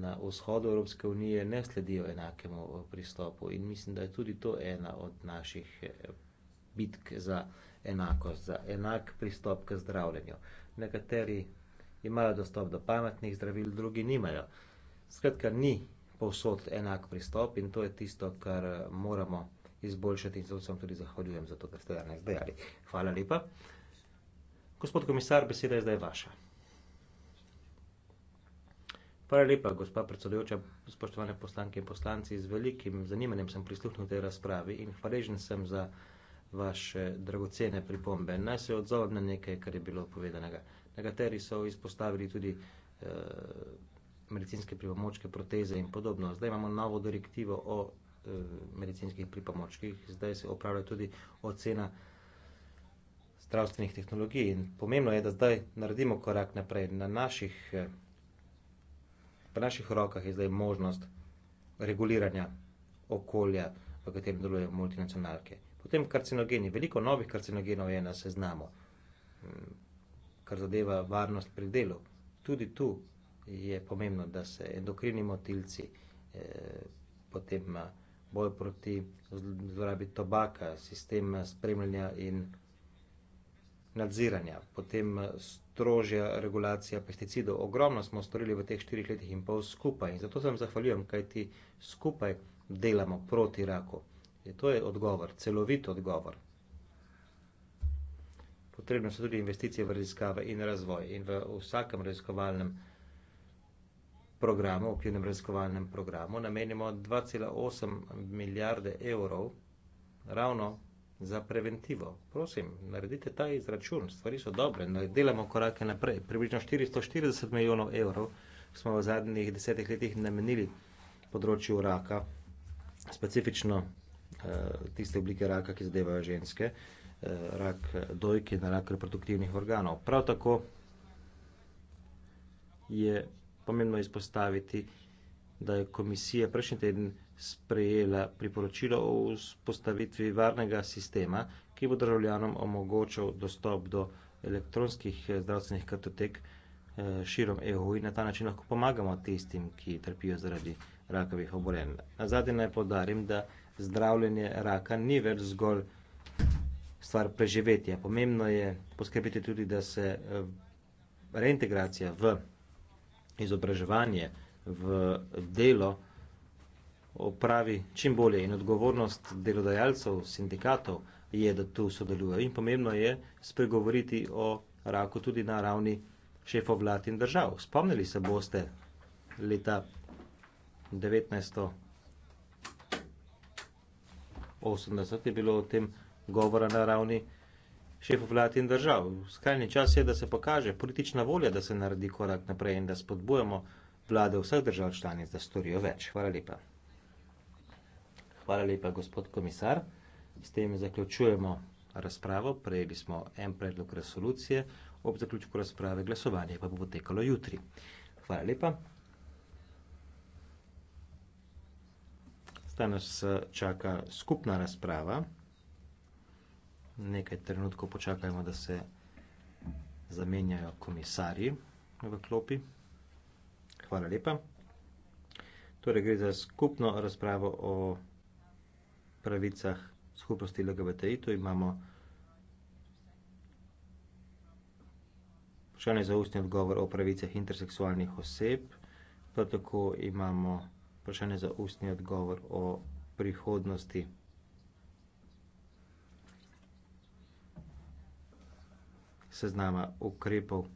na vzhodu Evropske unije ne sledijo enakemu eh, pristopu in mislim, da je tudi to ena od naših eh, bitk za enakost, za enak pristop k zdravljenju. Nekateri imajo dostop do pametnih zdravil, drugi nimajo. Skratka, ni povsod enak pristop in to je tisto, kar eh, moramo izboljšati in zato se vam tudi zahvaljujem za to, kar ste danes dejali. Hvala lepa. Gospod komisar, beseda je zdaj vaša. Hvala lepa, gospa predsedujoča, spoštovane poslanke in poslanci. Z velikim zanimanjem sem prisluhnil tej razpravi in hvaležen sem za vaše dragocene pripombe. Naj se odzovem na nekaj, kar je bilo povedanega. Nekateri so izpostavili tudi eh, medicinske pripomočke, proteze in podobno. Zdaj imamo novo direktivo o eh, medicinskih pripomočkih, zdaj se opravlja tudi ocena zdravstvenih tehnologij in pomembno je, da zdaj naredimo korak naprej na naših. Eh, naših rokah je zdaj možnost reguliranja okolja, v katerem delujejo multinacionalke. Potem karcinogeni, veliko novih karcinogenov je na seznamu, mm, kar zadeva varnost pri delu. Tudi tu je pomembno, da se endokrini motilci eh, potem eh, boj proti zlorabi tobaka, sistema spremljanja in nadziranja, potem eh, strožja regulacija pesticidov. Ogromno smo storili v teh štirih letih in pol skupaj. In zato se vam zahvaljujem, kaj ti skupaj delamo proti raku. In to je odgovor, celovit odgovor. Potrebno so tudi investicije v raziskave in razvoj. In v vsakem raziskovalnem programu, v okvirnem raziskovalnem programu, namenimo 2,8 milijarde evrov ravno za preventivo. Prosim, naredite ta izračun, stvari so dobre, delamo korake naprej. Približno 440 milijonov evrov smo v zadnjih desetih letih namenili področju raka, specifično uh, tiste oblike raka, ki zadevajo ženske, uh, rak dojke in rak reproduktivnih organov. Prav tako je pomembno izpostaviti, da je komisija prejšnji teden sprejela priporočilo o vzpostavitvi varnega sistema, ki bo državljanom omogočal dostop do elektronskih eh, zdravstvenih kartotek eh, širom EU in na ta način lahko pomagamo tistim, ki trpijo zaradi rakavih obolenj. Na zadnje naj podarim, da zdravljenje raka ni več zgolj stvar preživetja. Pomembno je poskrbiti tudi, da se eh, reintegracija v izobraževanje, v delo, opravi čim bolje. In odgovornost delodajalcev, sindikatov je, da tu sodelujejo. In pomembno je spregovoriti o raku tudi na ravni šefov vlad in držav. Spomnili se boste leta 1980 je bilo o tem govora na ravni šefov vlad in držav. Skrajni čas je, da se pokaže politična volja, da se naredi korak naprej in da spodbujamo vlade vseh držav članic, da storijo več. Hvala lepa. Hvala lepa, gospod komisar. S tem zaključujemo razpravo. Prejeli smo en predlog resolucije. Ob zaključku razprave glasovanje pa bo potekalo jutri. Hvala lepa. Danes eh, čaka skupna razprava. Nekaj trenutkov počakajmo, da se zamenjajo komisarji v klopi. Hvala lepa. Torej gre za skupno razpravo o pravicah skupnosti LGBTI, tu imamo vprašanje za ustni odgovor o pravicah interseksualnih oseb, pa tako imamo vprašanje za ustni odgovor o prihodnosti seznama ukrepov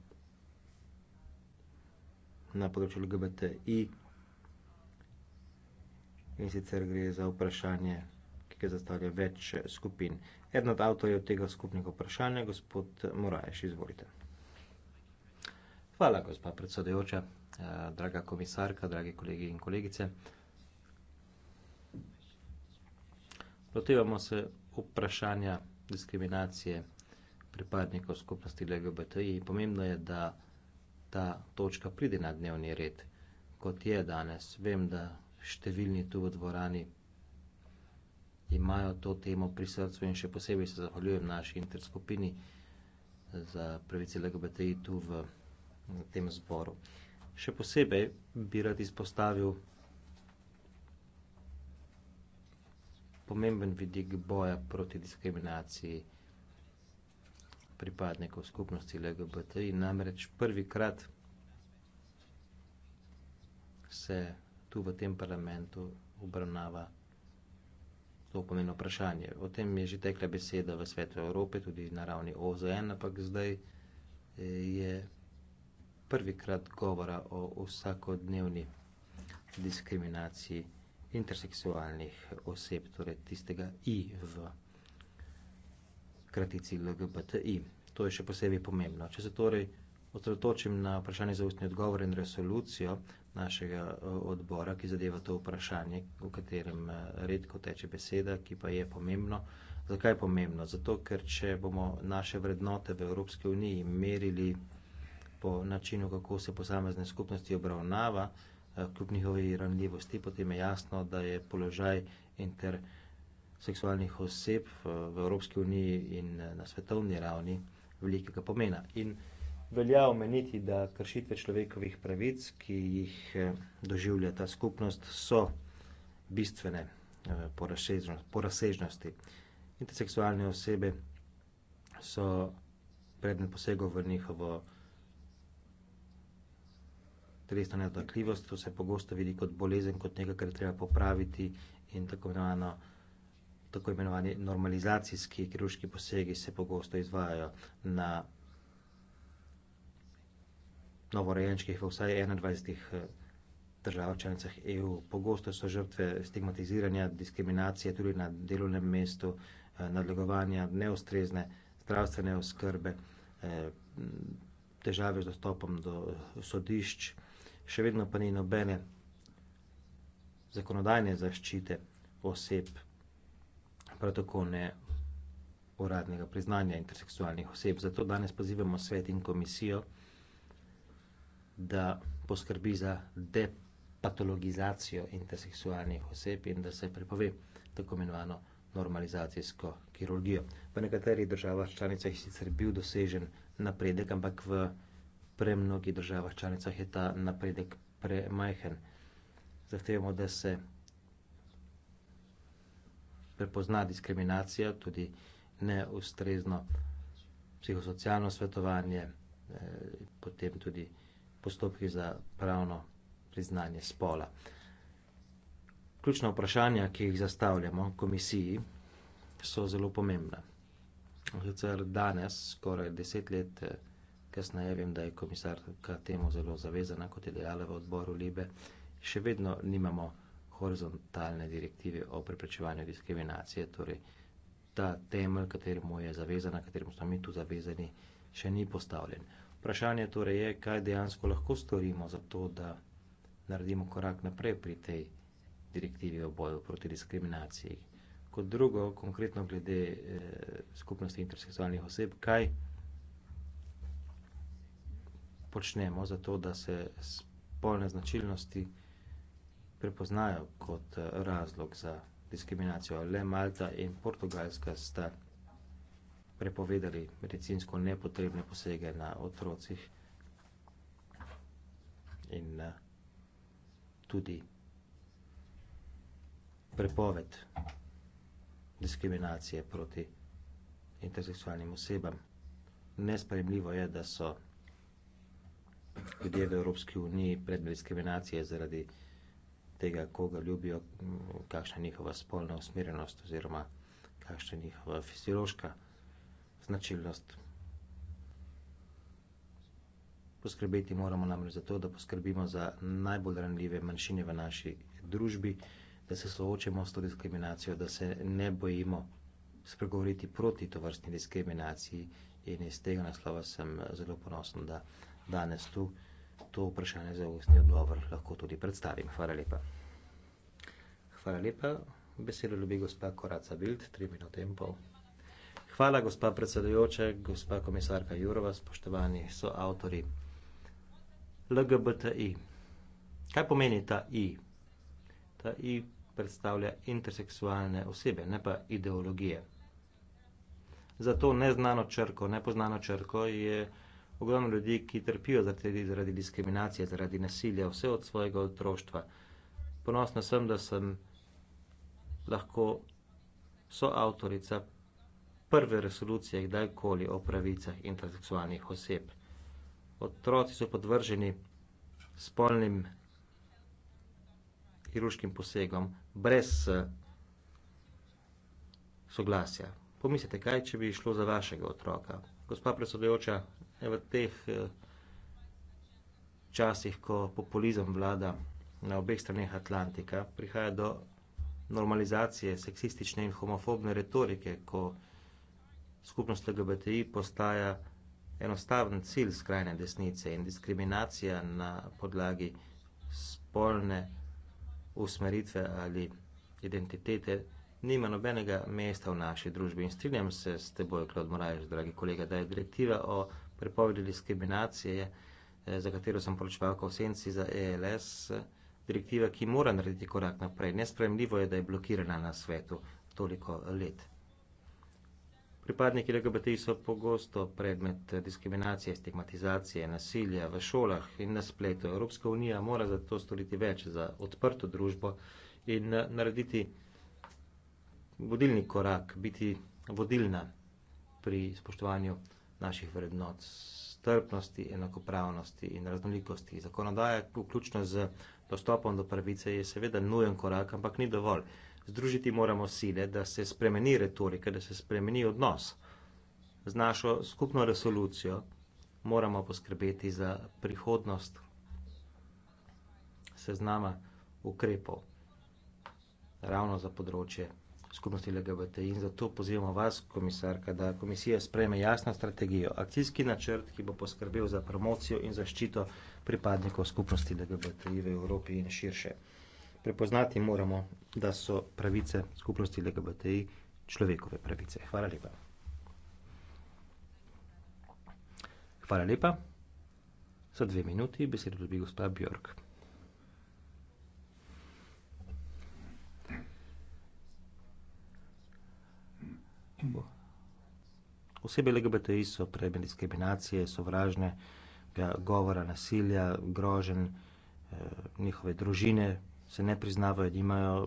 na področju LGBTI. In sicer gre za vprašanje ki zastavlja več skupin. Eden od avtorjev tega skupnega vprašanja, gospod Morajš, izvolite. Hvala, gospa predsedujoča, eh, draga komisarka, dragi kolegi in kolegice. Lotevamo se vprašanja diskriminacije pripadnikov skupnosti LGBTI in pomembno je, da ta točka pride na dnevni red, kot je danes. Vem, da številni tu v dvorani imajo to temo pri srcu in še posebej se zahvaljujem naši interskupini za pravice LGBTI tu v, v tem zboru. Še posebej bi rad izpostavil pomemben vidik boja proti diskriminaciji pripadnikov skupnosti LGBTI. Namreč prvikrat se tu v tem parlamentu obravnava zelo pomembno vprašanje. O tem je že tekla beseda v svetu Evrope, tudi na ravni OZN, ampak zdaj eh, je prvikrat govora o vsakodnevni diskriminaciji interseksualnih oseb, torej tistega I v kratici LGBTI. To je še posebej pomembno. Če se torej osredotočim na vprašanje za ustni odgovor in resolucijo, našega eh, odbora, ki zadeva to vprašanje, o katerem eh, redko teče beseda, ki pa je pomembno. Zakaj je pomembno? Zato, ker če bomo naše vrednote v Evropske uniji merili po načinu, kako se posamezne skupnosti obravnava, eh, kljub njihovi ranljivosti, potem je jasno, da je položaj interseksualnih oseb v Evropski uniji in na svetovni ravni velikega pomena. In velja omeniti, da kršitve človekovih pravic, ki jih eh, doživlja ta skupnost, so bistvene eh, po razsežnosti. Interseksualne osebe so predmet posegov v njihovo telesno nedotakljivost, to se pogosto vidi kot bolezen, kot nekaj, kar je treba popraviti in tako imenovano tako imenovani normalizacijski kirurški posegi se pogosto izvajajo na novorojenčkih v vsaj 21 eh, državah članicah EU. Pogosto so žrtve stigmatiziranja, diskriminacije tudi na delovnem mestu, eh, nadlegovanja, neustrezne zdravstvene oskrbe, eh, težave z dostopom do sodišč, še vedno pa ni nobene zakonodajne zaščite oseb, prav tako ne uradnega priznanja interseksualnih oseb. Zato danes pozivamo svet in komisijo, da poskrbi za depatologizacijo interseksualnih oseb in da se prepove tako imenovano normalizacijsko kirurgijo. V nekaterih državah članicah je sicer bil dosežen napredek, ampak v premnogih državah članicah je ta napredek premajhen. Zahtevamo, da se prepozna diskriminacija, tudi neustrezno psihosocialno svetovanje, eh, potem tudi postopki za pravno priznanje spola. Ključna vprašanja, ki jih zastavljamo komisiji, so zelo pomembna. Sicer danes, skoraj deset let eh, kasneje, vem, da je komisarka temu zelo zavezana, kot je dejala v odboru Libe, še vedno nimamo horizontalne direktive o preprečevanju diskriminacije. Torej, ta temelj, kateremu je zavezana, kateremu smo mi tu zavezani, še ni postavljen. Vprašanje torej je, kaj dejansko lahko storimo za to, da naredimo korak naprej pri tej direktivi o boju proti diskriminaciji. Kot drugo, konkretno glede eh, skupnosti interseksualnih oseb, kaj počnemo za to, da se spolne značilnosti prepoznajo kot eh, razlog za diskriminacijo. Le Malta in Portugalska sta prepovedali medicinsko nepotrebne posege na otrocih in eh, tudi prepoved diskriminacije proti interseksualnim osebam. Nespremljivo je, da so ljudje v Evropski uniji predmet diskriminacije zaradi tega, koga ljubijo, kakšna njihova spolna usmerjenost oziroma kakšna njihova fiziološka uh, značilnost. Poskrbeti moramo namreč za to, da poskrbimo za najbolj ranljive manjšine v naši družbi, da se soočamo s to diskriminacijo, da se ne bojimo spregovoriti proti to vrstni diskriminaciji in iz tega naslova sem zelo ponosen, da danes tu to vprašanje za ustni odgovor lahko tudi predstavim. Hvala lepa. Hvala lepa. Besedo ljubi gospa Koraca Bild, tri minute in pol. Hvala, gospa predsedujoča, gospa komisarka Jurova, spoštovani soavtori. LGBTI. Kaj pomeni ta I? Ta I predstavlja interseksualne osebe, ne pa ideologije. Za to neznano črko, nepoznano črko je ogromno ljudi, ki trpijo zaradi, zaradi diskriminacije, zaradi nasilja, vse od svojega otroštva. Ponosna sem, da sem lahko soavtorica prve resolucije kdajkoli o pravicah interseksualnih oseb. Otroci so podvrženi spolnim kirurškim posegom brez eh, soglasja. Pomislite, kaj če bi šlo za vašega otroka. Gospa predsedujoča, v teh eh, časih, ko populizem vlada na obeh straneh Atlantika, prihaja do normalizacije seksistične in homofobne retorike, ko skupnost lgbti postaja enostaven cilj skrajne desnice in diskriminacija na podlagi spolne usmeritve ali identitete nima nobenega mesta v naši družbi in strinjam se s teboj, Klod Moraješ, dragi kolega, da je direktiva o prepovedi diskriminacije, eh, za katero sem poročeval v senci za ELS, direktiva, ki mora narediti korak naprej. Nespremljivo je, da je blokirana na svetu toliko let. Pripadniki LGBT so pogosto predmet diskriminacije, stigmatizacije, nasilja v šolah in na spletu. Evropska unija mora zato storiti več za odprto družbo in narediti vodilni korak, biti vodilna pri spoštovanju naših vrednot, strpnosti, enakopravnosti in raznolikosti. Zakonodaja, vključno z dostopom do pravice, je seveda nujen korak, ampak ni dovolj združiti moramo sile, da se spremeni retorika, da se spremeni odnos. Z našo skupno resolucijo moramo poskrbeti za prihodnost seznama ukrepov ravno za področje skupnosti LGBT in zato pozivamo vas, komisarka, da komisija spreme jasno strategijo, akcijski načrt, ki bo poskrbel za promocijo in zaščito pripadnikov skupnosti LGBT v Evropi in širše prepoznati moramo da so pravice skupnosti lgbti človekove pravice hvala lepa hvala lepa za dve minuti besedo dobi gospa Bjork Osebe LGBTI so predmet diskriminacije, sovražnega govora, nasilja, grožen, eh, njihove družine, se ne priznavajo, da imajo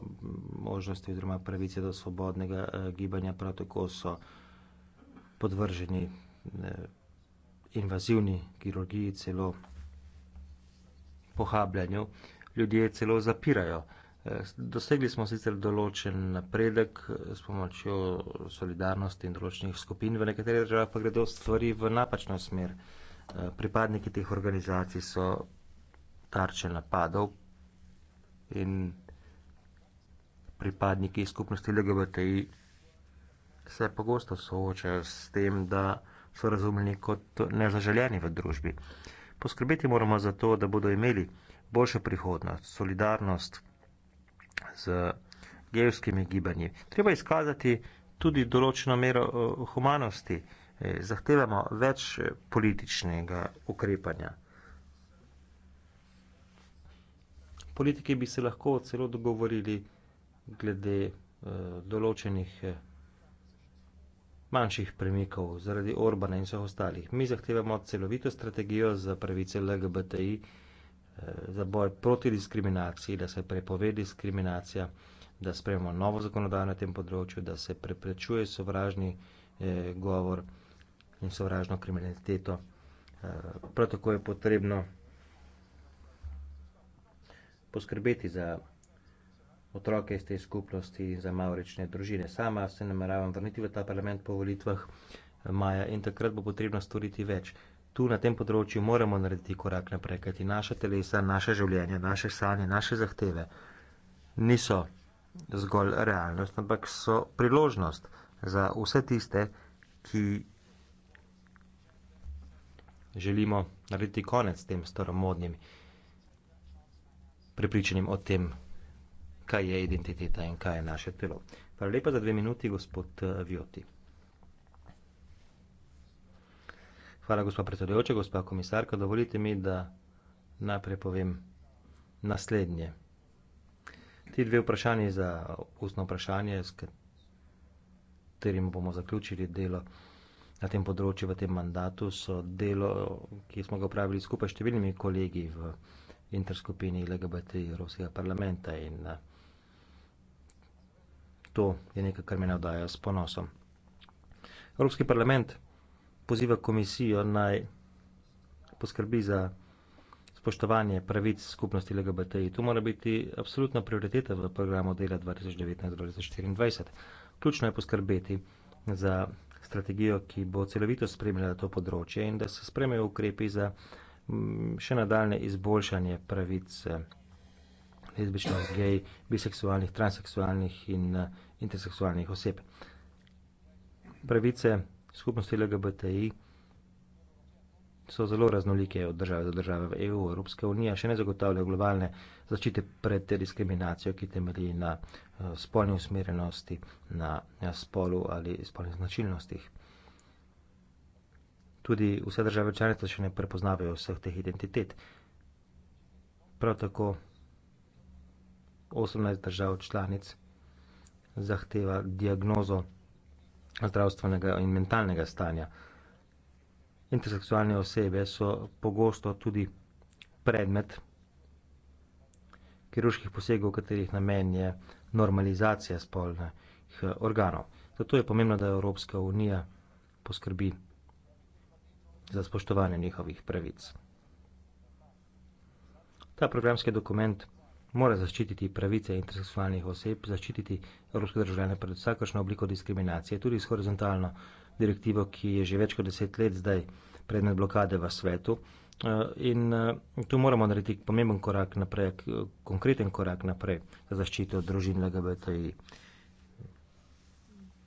možnosti oziroma pravice do svobodnega eh, gibanja, prav tako so podvrženi invazivni kirurgiji, celo pohabljanju. Ljudje celo zapirajo. Eh, dosegli smo sicer določen napredek eh, s pomočjo solidarnosti in določenih skupin, v nekaterih državah pa gredo stvari v napačno smer. Pripadniki teh organizacij so tarče napadov, in pripadniki skupnosti LGBTI se pogosto soočajo s tem, da so razumljeni kot nezaželjeni v družbi. Poskrbeti moramo za to, da bodo imeli boljšo prihodnost, solidarnost z gejskimi gibanji. Treba izkazati tudi določeno mero eh, humanosti. Eh, zahtevamo več eh, političnega ukrepanja. politiki bi se lahko celo dogovorili glede uh, določenih uh, manjših premikov zaradi Orbana in vseh ostalih. Mi zahtevamo celovito strategijo za pravice LGBTI, uh, eh, za boj proti diskriminaciji, da se prepove diskriminacija, da sprejemo novo zakonodajo na tem področju, da se preprečuje sovražni uh, govor in sovražno kriminaliteto. Uh, prav tako je potrebno poskrbeti za otroke iz te skupnosti in za maorične družine. Sama se nameravam vrniti v ta parlament po volitvah eh, maja in takrat bo potrebno storiti več. Tu na tem področju moramo narediti korak naprej, kajti naša telesa, naše življenje, naše sanje, naše zahteve niso zgolj realnost, ampak so priložnost za vse tiste, ki želimo narediti konec tem staromodnjim prepričanjem o tem, kaj je identiteta in kaj je naše telo. Hvala lepa za dve minuti, gospod eh, Vjoti. Hvala, gospod predsedujoča, gospod komisarka. Dovolite mi, da najprej povem naslednje. Ti dve vprašanje za ustno vprašanje, s katerim bomo zaključili delo na tem področju v tem mandatu, so delo, ki smo ga upravili skupaj s številnimi kolegi v interskupini LGBT Evropskega parlamenta in eh, to je nekaj, kar me navdaja s ponosom. Evropski parlament poziva komisijo naj poskrbi za spoštovanje pravic skupnosti LGBT. To mora biti absolutna prioriteta v programu dela 2019-2024. Ključno je poskrbeti za strategijo, ki bo celovito spremljala to področje in da se spremejo ukrepi za Mm, še nadaljne izboljšanje pravic eh, lezbičnih, gej, biseksualnih, transseksualnih in eh, interseksualnih oseb. Pravice skupnosti LGBTI so zelo raznolike od države do države v EU. Evropska unija še ne zagotavlja globalne zaščite pred diskriminacijo, ki temelji na eh, spolni usmerjenosti, na spolu ali spolnih značilnostih. Tudi vse države članice še ne prepoznavajo vseh teh identitet. Prav tako 18 držav članic zahteva diagnozo zdravstvenega in mentalnega stanja. Interseksualne osebe so pogosto tudi predmet kirurških posegov, katerih namen je normalizacija spolnih eh, organov. Zato je pomembno, da je Evropska unija poskrbi za spoštovanje njihovih pravic. Ta programski dokument mora zaščititi pravice interseksualnih oseb, zaščititi evropske državljane pred vsakošno obliko diskriminacije, tudi s horizontalno direktivo, ki je že več kot deset let zdaj predmet blokade v svetu. Eh, in eh, tu moramo narediti pomemben korak naprej, konkreten korak naprej za zaščito družin LGBTI.